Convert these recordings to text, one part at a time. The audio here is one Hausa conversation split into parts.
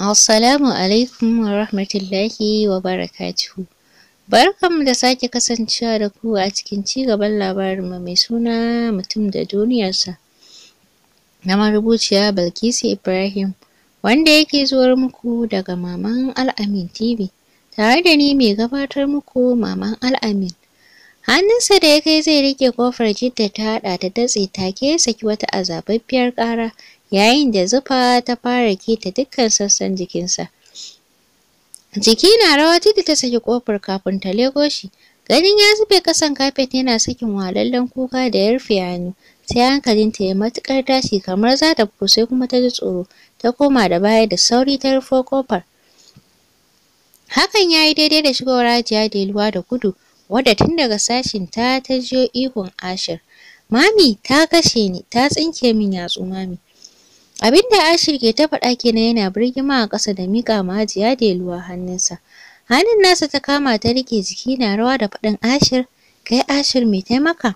Assalamu alaikum wa rahmatullahi wa barakatuhu. Barkanmu da sake kasancewa da ku a cikin ci cigaban labarinmu mai suna mutum da duniyarsa. Na marubuciya Balkisu Ibrahim, wanda yake zuwar muku daga Maman Al'amin TV, tare da ni mai gabatar muku Maman Al'amin. Hannunsa da ya kai zai rike kofar jidda ta haɗa ta datse take saki wata azababbiyar ƙara yayin da zufa ta fara keta dukkan sassan jikinsa. Jiki na rawa titi ta saki kofar kafin ta lego shi. Ganin ya zube ƙasan kafet yana sakin walallen kuka da ya rufe hannu. Sai hankalinta ya matuƙar tashi kamar za ta fito sai kuma ta ji tsoro. Ta koma da baya da sauri ta rufo kofar. Hakan ya yi daidai da shigowar Hajiya Deluwa da gudu, wadda tun daga sashin ta ta jiyo ihun Ashir. Mami ta kashe ni, ta tsinke min yatsu mami. Abin da Ashir ke ta faɗa kenan yana birgima a ƙasa da miƙa ma Hajiya luwa hannunsa. Hannun nasa ta kama ta rike jiki na rawa da faɗin Ashir, kai Ashir mai taimaka.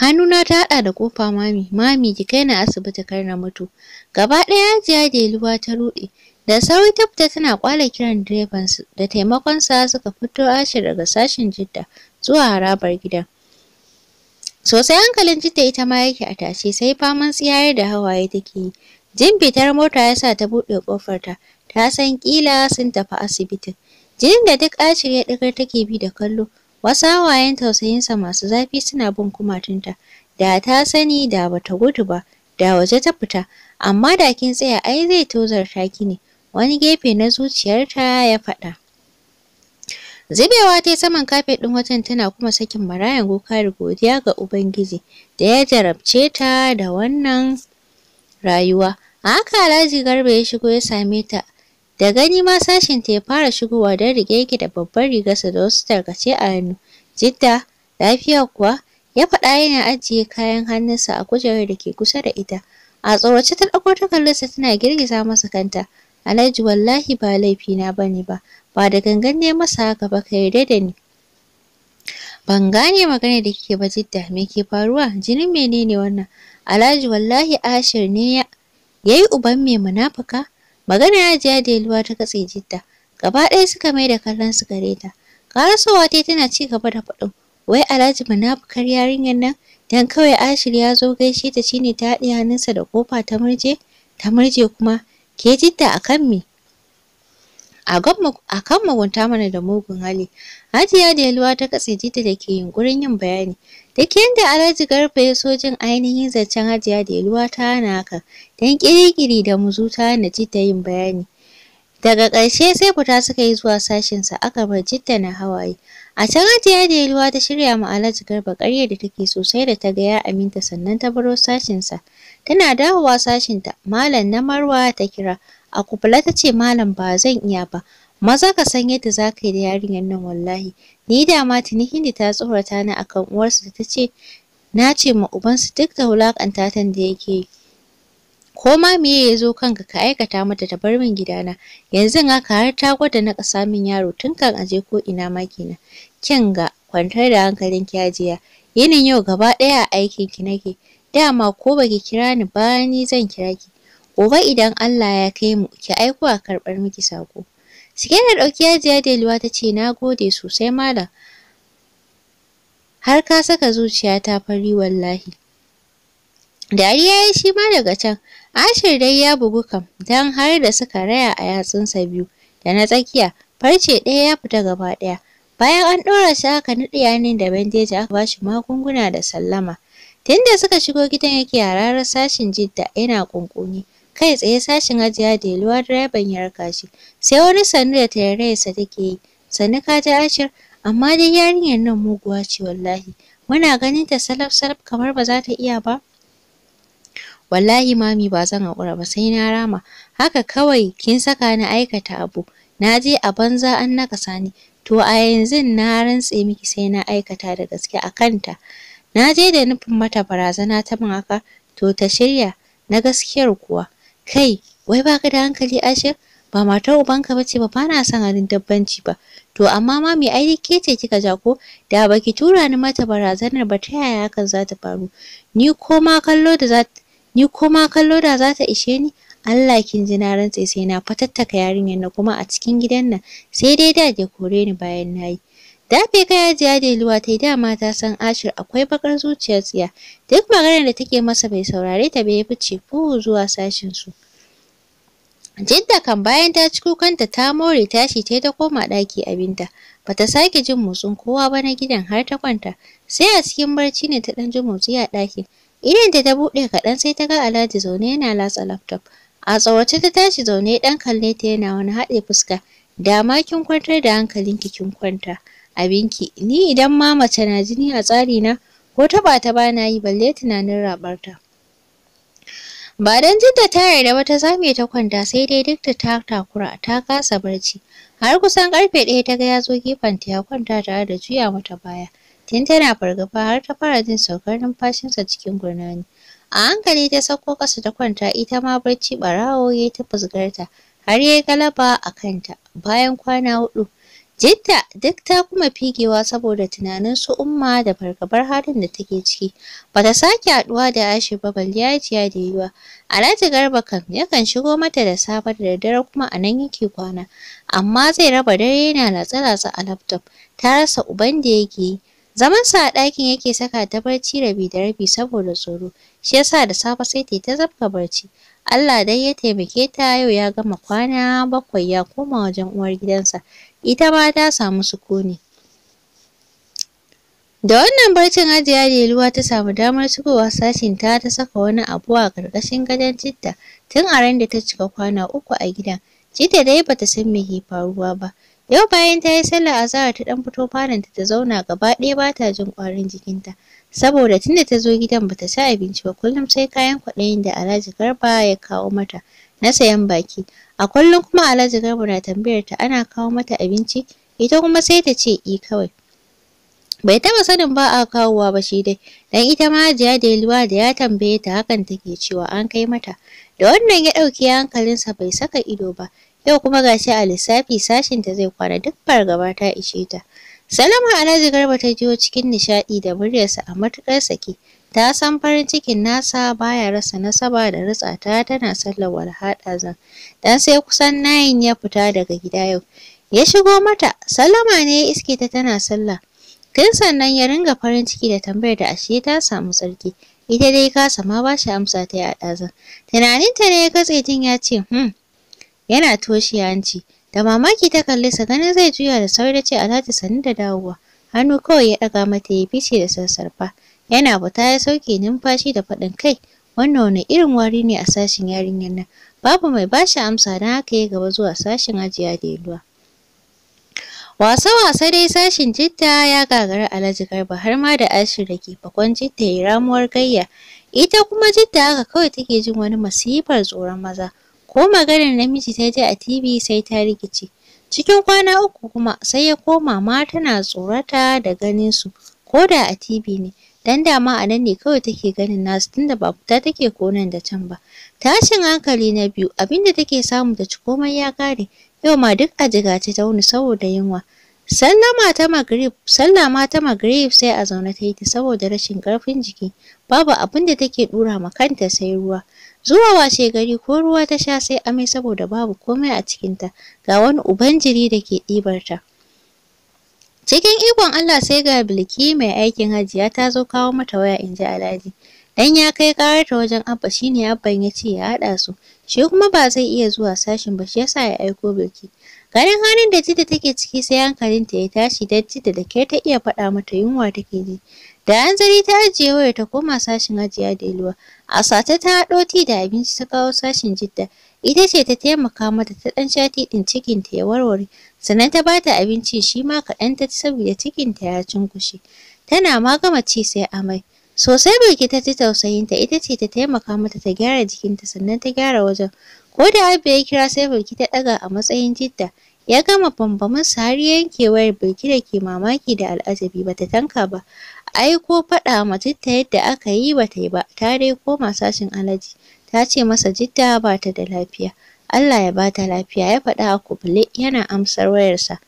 Hannuna ta haɗa da ƙofa mami, mami ki kai na asibiti kar na mutu. Gaba ɗaya Hajiya luwa ta ruɗe. Da sauri ta fita tana kwala kiran direbansu. da taimakonsa suka fito Ashir daga sashin Jidda zuwa harabar gidan. Sosai hankalin Jidda ita ma yake a tashe sai faman tsiyayar da hawaye take yi. Jin fitar mota ya sa ta buɗe ƙofarta, ta san ƙila sun tafi asibitin. Jinin da duk acir ya ɗigar take bi da kallo, wasu hawayen tausayinsa masu zafi suna bin kumatunta. Da ta sani da bata gudu ba, da waje ta fita, amma da kin tsaya ai zai tozarta ki ne. Wani gefe na zuciyarta ya faɗa. Zubewa ta saman kafet ɗin watan tana kuma sakin marayan goka da godiya ga Ubangiji da ya jarabce ta da wannan rayuwa. A haka Alhaji Garba ya shigo ya same ta. Da gani ma sashin ta ya fara shigowa don rike yake da babbar rigarsa da wasu tarkace a hannu. Jidda, lafiya kuwa? Ya faɗa yana ajiye kayan hannunsa a kujerar da ke kusa da ita. A tsorace ta ɗauko takardunsa tana girgiza masa kanta. Alhaji wallahi ba laifina ba ne ba, ba da gangan ne masa haka ba ka yarda da ni ban gane magana da kike ba jidda me ke faruwa jinin menene wannan alhaji wallahi ashir ne ya yayi uban me munafuka magana ya da yaluwa ta katse jidda gaba ɗaya suka mai da kallon su gare ta karasowa tana ci gaba da faɗin wai alhaji munafukar yarinyar nan dan kawai Ashir ya zo gaishe ta shine ta haɗe hannunsa da kofa ta murje ta murje kuma ke jidda akan me a kan mugunta mana da mugun hali. Hajiya da yalwa ta katse jita da ke yunƙurin yin bayani. Da ke yadda Alhaji Garba ya so jin ainihin zancen Hajiya da yalwa ta hana haka, don ƙirƙiri da muzu ta hana jita yin bayani. Daga ƙarshe sai fita suka yi zuwa sashinsa aka bar jidda na hawaye. A can Hajiya da yalwa ta shirya ma Alhaji Garba ƙaryar da take sosai da ta gaya aminta sannan ta baro sashinsa. Tana dawowa sashinta, Malam na Marwa ta kira. a kubla ta ce malam ba zan iya ba maza ka san yadda za ka yi da yarinyar nan wallahi ni da ma tuni hindi ta tsorata ni akan uwarsa da ta ce na ce ma ubansu duk da wulakanta ta da yake yi ko ma meye ya zo kanka ka aikata mata ta bar min gidana yanzu haka har ta gwada na ƙasa min yaro tun kan aje ko ina ma kenan kin ga kwantar da hankalin ki ajiya. yinin yau gaba ɗaya a aikin ki nake dama ko baki kira ni ba ni zan kira ki Gobe idan Allah ya kai mu, ki aiko a karɓar miki sako sike da ya Hajiya Deliwa ta ce, na gode sosai malam. Har ka saka zuciya ta fari wallahi. Dariya ya shi ma daga can, Ashir dai ya bugu kam, dan har da suka raya a yatsunsa biyu, da na tsakiya, farce ɗaya ya fita gaba ɗaya. Bayan an dora shi aka naɗe yanin da bandeji aka ba shi magunguna da sallama. Tunda suka shigo gidan yake hararar sashin Jidda yana kunkuni. kai tsaye sashin ajiya da yaluwa direban ya raka shi sai wani sannu da tarayyarsa take yi sannu ka ta ashir amma dai yarinyar nan muguwa ce wallahi muna ganin ta salaf salaf kamar ba za ta iya ba wallahi mami ba zan haƙura ba sai na rama haka kawai kin saka ni aikata abu na je a banza an nakasa ni to a yanzu na rantse miki sai na aikata da gaske a kanta na je da nufin mata barazana ta mun haka to ta shirya na gaskiyar kuwa kai wai ba ka da hankali ashir ba matar ubanka bace ba bana son halin dabbanci ba to amma ma me ai ke ce kika ja ko da baki tura ni mata barazanar ba ta yaya hakan za ta faru ni ko ma kallo da za ni ko ma kallo da za ta ishe ni Allah kin ji na rantse sai na fatattaka yarinyar na kuma a cikin gidan nan sai dai da ke kore ni bayan na yi. Dafe kaya jiya da luwa ta yi dama ta san Ashir akwai bakar zuciyar tsiya. Duk maganar da take masa bai saurare ta bai fice fuhu zuwa sashin su. Jidda kan bayan ta ci kukanta ta more tashi ta ta koma daki abinta. Bata sake jin motsin kowa ba na gidan har ta kwanta. Sai a cikin barci ne ta ɗan ji motsi a ɗakin. Idan ta buɗe kaɗan sai ta ga Alhaji zaune yana latsa laptop. A tsawace ta tashi zaune dan kalle ta yana wani haɗe fuska. Da kin kwantar da hankalinki kin kwanta. abinki ni idan ma mace na jini a tsari na ko ta ba na yi balle tunanin rabarta. Ba don jinta ta yarda ba ta zame ta kwanta sai dai duk da ta takura ta kasa barci. Har kusan karfe ɗaya ta ga ya zo ta ya kwanta tare da juya mata baya. Tun tana fargaba har ta fara jin saukar numfashinsa cikin gurnani. A hankali ta sauko ƙasa ta kwanta ita ma barci barawo ya ta fusgarta har ya galaba a kanta bayan kwana huɗu. Jita duk ta kuma figewa saboda tunanin su umma da fargabar halin da take ciki. Bata sake haɗuwa da Ashi ba balle Hajiya da yiwa. Alhaji Garba kan yakan shigo mata da safe da dare kuma a nan yake kwana. Amma zai raba dare yana latsa-latsa a laptop. Ta rasa uban da yake yi. Zaman sa a ɗakin yake saka ta barci rabi da rabi saboda tsoro. Shi yasa da safe sai ta yi ta zafka barci. Allah dai ya taimake ta yau ya gama kwana bakwai ya koma wajen uwar gidansa. ita ma ta samu sukuni. Da wannan barcin Hajiya Leluwa ta samu damar shigowa sashin ta ta saka wani abu a ƙarƙashin gadon Citta tun a ran da ta cika kwana uku a gidan. Citta dai bata san me ke faruwa ba. Yau bayan ta yi sallah azahar ta ɗan fito falonta ta zauna gaba ɗaya ba ta jin ƙwarin jikinta. Saboda tunda ta zo gidan bata ci abinci ba kullum sai kayan kwaɗayin da Alhaji Garba ya kawo mata. na sayan baki. A kullum kuma Alhaji Garba na tambayar ta ana kawo mata abinci, ita kuma sai ta ce i e, kawai. Bai taba sanin ba a kawowa ba shi dai, dan ita ma Hajiya yaluwa da ya tambaye ta hakan take cewa an kai mata. Da wannan ya ɗauki hankalinsa bai saka ido ba, yau kuma gashi a lissafi sashinta zai kwana duk fargaba ta ishe ta. Salama Alhaji Garba ta jiyo cikin nishaɗi da muryarsa a matuƙar sake. Ta san farin cikin nasa baya rasa nasaba da ritsa ta tana sallar walha ɗazan. Dan sai kusan nayin ya fita daga gida yau. Ya shigo mata, sallama ne ya iske ta tana sallah. Tun sannan ya ringa farin ciki da tambayar da ashe ta samu sarki Ita dai kasa ma ba shi amsa ta a ɗazan. Tunaninta ne ya katse jin ya ce, hmm, yana toshe hanci. Da mamaki ta kalli sa ganin zai juya da sauri ce Alhaji sannu da dawowa. Hannu kawai ya ɗaga mata ya fice da sassarfa. Yana fita ya sauke numfashi da faɗin kai, wannan wani irin wari ne a sashin yarinyar nan. Babu mai ba amsa don haka ya gaba zuwa sashin ajiya da yaluwa. Wasa-wasa dai sashin Jitta ya gagara Alhaji Garba har ma da Ashir da ke fakon Jitta ya ramuwar gayya. Ita kuma Jitta haka kawai take jin wani masifar tsoron maza. Ko maganar namiji ta ji a TV sai ta rikice. Cikin kwana uku kuma sai ya koma ma tana tsorata da ganin su ko da a TV ne. Dan dama a nan ne kawai take ganin nasu tunda ba fita take konan da can ba. Tashin hankali na biyu abinda take samu da ci komai ya kare. Yau ma duk a jigace ta wuni saboda yunwa. Sallama ta magrib, sallama ta magrib sai a zaune ta yi ta saboda rashin karfin jiki. Babu abin da take ɗura ma kanta sai ruwa. Zuwa washe gari ko ruwa ta sha sai amai saboda babu komai a cikinta. Ga wani uban jiri da ke ɗibar Cikin ikon Allah sai ga Bilki mai aikin hajiya ta zo kawo mata waya in ji Alhaji. Dan ya kai ta wajen Abba shi ne Abban ya ce ya haɗa su, shi kuma ba zai iya zuwa sashin ba shi yasa ya aiko Bilki. garin halin da Jidda take ciki sai hankalinta ya tashi don Jidda da ke ta iya faɗa mata yunwa take ji. Da hanzari ta ajiye wayar ta koma sashin hajiya da Iluwa. A sace ta haɗo ti da abinci ta kawo sashin Jidda. ita ce ta taimaka mata ta ɗan shati ɗin cikinta ya warware sannan ta bata abinci shi ma kaɗan ta ci saboda cikinta ya cunkushe tana ma gama ci sai amai sosai Bilki ta ji tausayinta ita ce ta taimaka mata ta gyara jikinta sannan ta gyara wajen ko da Abba ya kira sai Bilki ta ɗaga a matsayin jidda ya gama bambamin har yankewar Bilki da ke mamaki da al'ajabi bata tanka ba ai ko faɗa ma jidda yadda aka yi bata yi ba ta dai koma sashin alaji ta ce masa jidda ba ta da lafiya Allah ya ba ta lafiya ya faɗa a kubule yana amsar wayarsa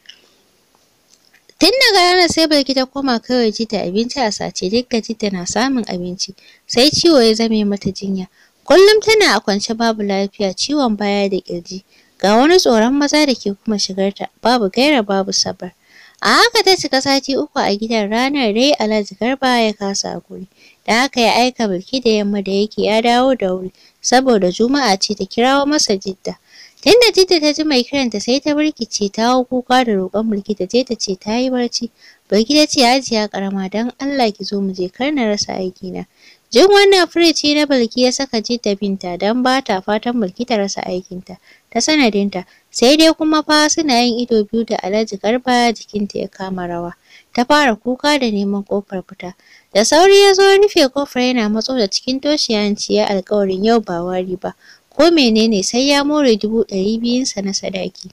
tun daga ranar sai bai gida koma kawai jidda abinci a sace dukka jidda na samun abinci sai ciwo ya zame mata jinya kullum tana a kwance babu lafiya ciwon baya da kirji ga wani tsoron maza da ke kuma shigarta babu gaira babu sabar a haka ta cika sati uku a gidan ranar dai alhaji garba ya kasa guri da aka ya aika bilki da yamma da yake ya dawo da wuri saboda juma'a ce ta kirawo masa jidda tunda jidda ta ji mai kiranta sai ta birkice ta hau kuka da roƙon bilki ta je ta ce ta yi barci bilki ta ce ajiya karama don allah ki zo mu je kar na rasa aikina jin wannan firici na bilki ya saka jidda binta don ba ta fatan bilki ta rasa aikinta ta sanadinta sai dai kuma fa suna yin ido biyu da alhaji garba jikinta ya kama rawa ta fara kuka da neman ƙofar fita Da sauri ya zo rufe kofar yana matso da cikin toshiyanci ya alƙawarin yau ba wari ba, ko menene sai ya more dubu ɗari biyunsa na sadaki.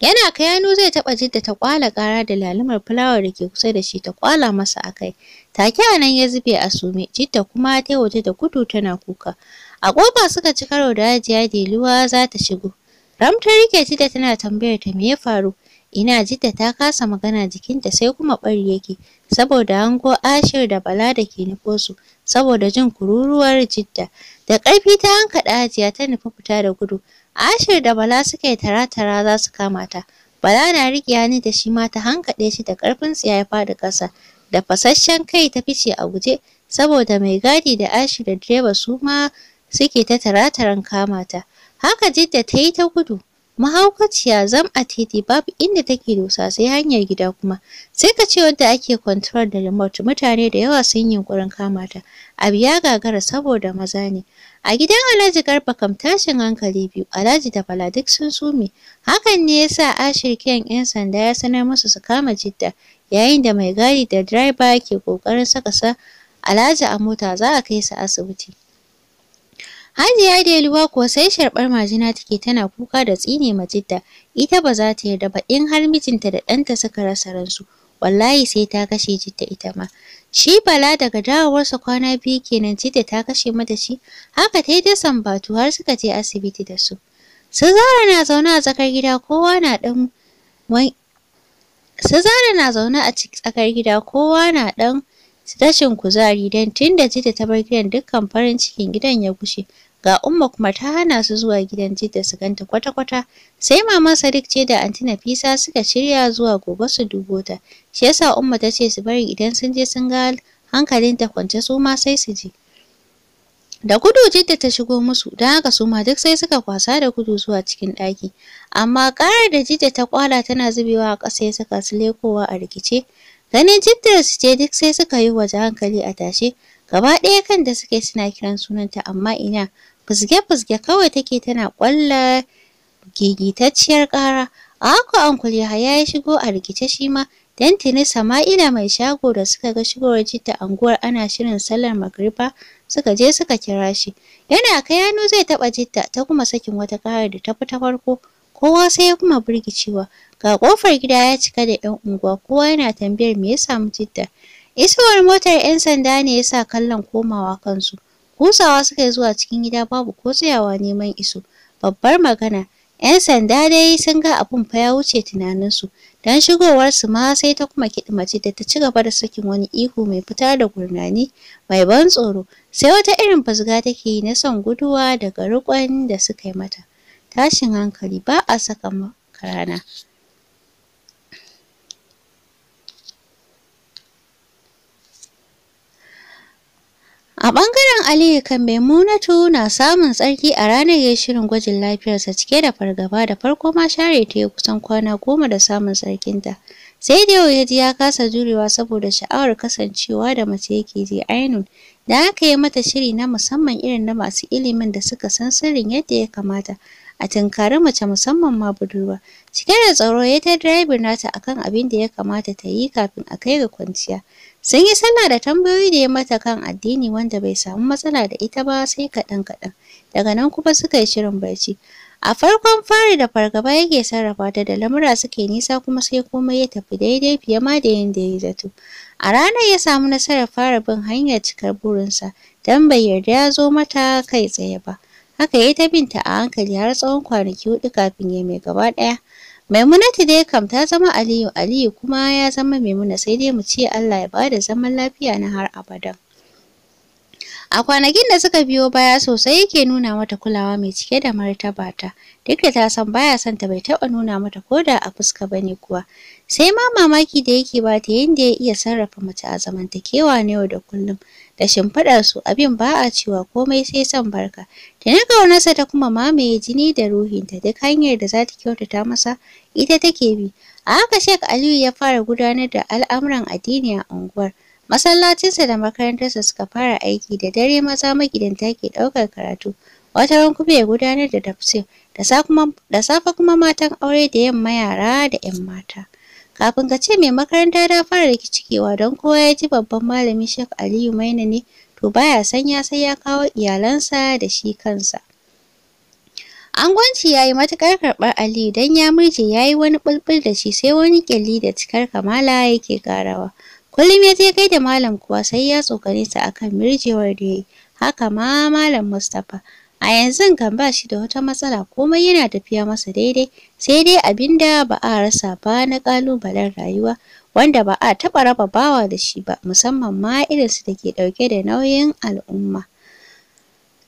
Yana kai hannu zai taɓa jidda ta ƙwala ƙara da lalumar fulawa da ke kusa da shi ta ƙwala masa a kai. Take a nan ya zube a sume, jidda kuma ta waje da gudu tana kuka. A ƙofa suka ci karo da hajiya Deluwa za ta shigo. Ramtar ta rike jidda tana tambayar ta me ya faru. Ina jidda ta kasa magana jikinta sai kuma ɓari yake, saboda hango Ashir da Bala da ke nufo su, saboda jin kururuwar jidda. Da ƙarfi ta hankaɗa ajiya ta nufi fita da gudu. Ashir da Bala suka yi tara-tara za su kama ta. Bala na riƙe hannu da shi ma ta hankaɗe shi da ƙarfin tsiya ya faɗi ƙasa. Da fasashen kai ta fice a guje, saboda mai gadi da Ashir da direba su ma suke ta tara kamata, Haka Jidda ta yi ta gudu. mahaukaciya zam a titi babu inda take dosa sai hanyar gida kuma sai ka ce wanda ake control da remote mutane da yawa sun yi yunkurin kama ta abu ya gagara saboda maza ne a gidan alhaji garba kam tashin hankali biyu alhaji da bala duk sun sume hakan ne yasa ashir kiyan yan sanda ya sanar musu su kama jidda yayin da mai gadi da driver ke kokarin saka sa alhaji a mota za a kai su asibiti Hajiya da Yalwa kuwa sai sharɓar majina take tana kuka da tsine ma Jidda, ita ba za ta yarda ba in har mijinta da ɗanta suka rasa ransu, wallahi sai ta kashe Jidda ita ma. Shi Bala daga dawowarsa kwana biyu kenan Jidda ta kashe mata shi, haka ta yi ta sambatu har suka je asibiti da su. Su Zara na zaune a tsakar gida kowa na ɗan Su Zara na zaune a tsakar gida kowa na ɗan rashin kuzari don tun da Jidda ta bar gidan dukkan farin cikin gidan ya gushe. Ga Umma kuma ta hana su zuwa gidan Jidda su ganta kwata-kwata. Sai Mama Sadiq ce da Anti Nafisa suka shirya zuwa gobe su dubo ta. Shi yasa Umma ta ce su bari idan sun je sun ga hankalin ta kwance su ma sai su je. Da gudu Jidda ta shigo musu, don haka su ma duk sai suka kwasa da gudu zuwa cikin ɗaki. Amma ƙarar da Jidda ta kwala tana zubewa a ƙasa ya saka su lekowa a rikice. Ganin jidda su je duk sai suka yi waje hankali a tashe, gaba ɗaya kan da suke suna kiran sunanta amma ina fusge-fusge kawai take tana ƙwalla gigitacciyar ƙara. A haka Uncle ya shigo a rikice shi ma dan tuni Sama'ila mai shago da suka ga shigowar jidda anguwar ana shirin sallar magriba suka je suka kira shi. Yana kai yano zai taɓa jidda ta kuma sakin wata kara da ta fi ta farko kowa sai ya kuma birgicewa. Ga ƙofar gida ya cika da 'yan unguwa kowa yana tambayar me yasa samu Jidda. Isowar motar 'yan sanda ne ya sa kallon komawa kansu. Kusawa suka yi zuwa cikin gida babu ko tsayawa neman iso. Babbar magana, 'yan sanda dai sun ga abun fa ya wuce tunaninsu. Don shigowarsu ma sai ta kuma kiɗi mace da ta ci gaba da sakin wani ihu mai fita da gurnani mai ban tsoro. Sai wata irin fasga take yi na son guduwa daga riƙon da suka yi mata. Tashin hankali ba a saka rana. A ɓangaren Aliyu kan Maimunatu na samun tsarki a ranar ya shirin gwajin lafiyarsa cike da fargaba da farko ma share ta ya kusan kwana goma da samun tsarkinta. Sai da yau ya ji ya kasa jurewa saboda sha'awar kasancewa da mace yake ji ainun. Da aka yi mata shiri na musamman irin na masu ilimin da suka san sirrin yadda ya kamata. a tunkari mace musamman ma budurwa cike da tsaro ya ta direbin nata akan abin da ya kamata ta yi kafin a kai ga kwanciya Sun yi sallah da tambayoyi da ya mata kan addini wanda bai samu matsala da ita ba sai kaɗan kaɗan. Daga nan kuma suka yi shirin barci. A farkon fari da fargaba yake sarrafa ta da lamura suke nisa kuma sai komai ya tafi daidai fiye ma da yadda ya yi zato. A ranar ya samu nasarar fara bin hanyar cikar burinsa don bai yarda ya zo mata kai tsaye ba. Haka ya ta binta a hankali har tsawon kwanaki huɗu kafin ya mai gaba ɗaya. Maimunatu dai kam ta zama Aliyu, Aliyu kuma ya zama Maimuna sai dai mu ce Allah ya bada zaman lafiya na har abada. A kwanakin da suka biyo baya sosai yake nuna mata kulawa mai cike da martaba ta, duk da ta san baya son ta bai taɓa nuna mata ko da a fuska ba ne kuwa. Sai ma mamaki da yake ba ta yadda ya iya sarrafa mace a zamantakewa na yau da kullum. Da shimfiɗar su abin ba a cewa komai sai son barka. Da na ƙaunarsa ta kuma mamaye jini da ruhinta duk hanyar da za ta kyautata masa ita take bi a haka Shekh Aliyu ya fara gudanar da al'amuran addini a unguwar masallacinsa da makarantarsa suka fara aiki da dare maza magidanta ke ɗaukar karatu wata ran kuma ya gudanar da tafsir da safe kuma matan aure da yamma yara da 'yan mata kafin ka ce mai makaranta ta fara rikicikewa don kowa ya ji babban malami shek Aliyu Maina ne to baya sanya sai ya kawo iyalansa da shi kansa Angwanci ya yi matuƙar karɓar Ali don ya murje ya yi wani ɓulɓul da shi sai wani ƙyalli da cikar kamala yake ƙarawa. Kullum ya je kai da malam kuwa sai ya tsokane ta akan mirjewar da ya yi, haka ma malam Mustapha. A yanzu kan ba shi da wata matsala komai yana tafiya masa daidai, sai dai abin da ba a rasa ba na ƙalubalen rayuwa wanda ba a taɓa raba bawa da shi ba musamman ma irinsu da ke ɗauke da nauyin al'umma.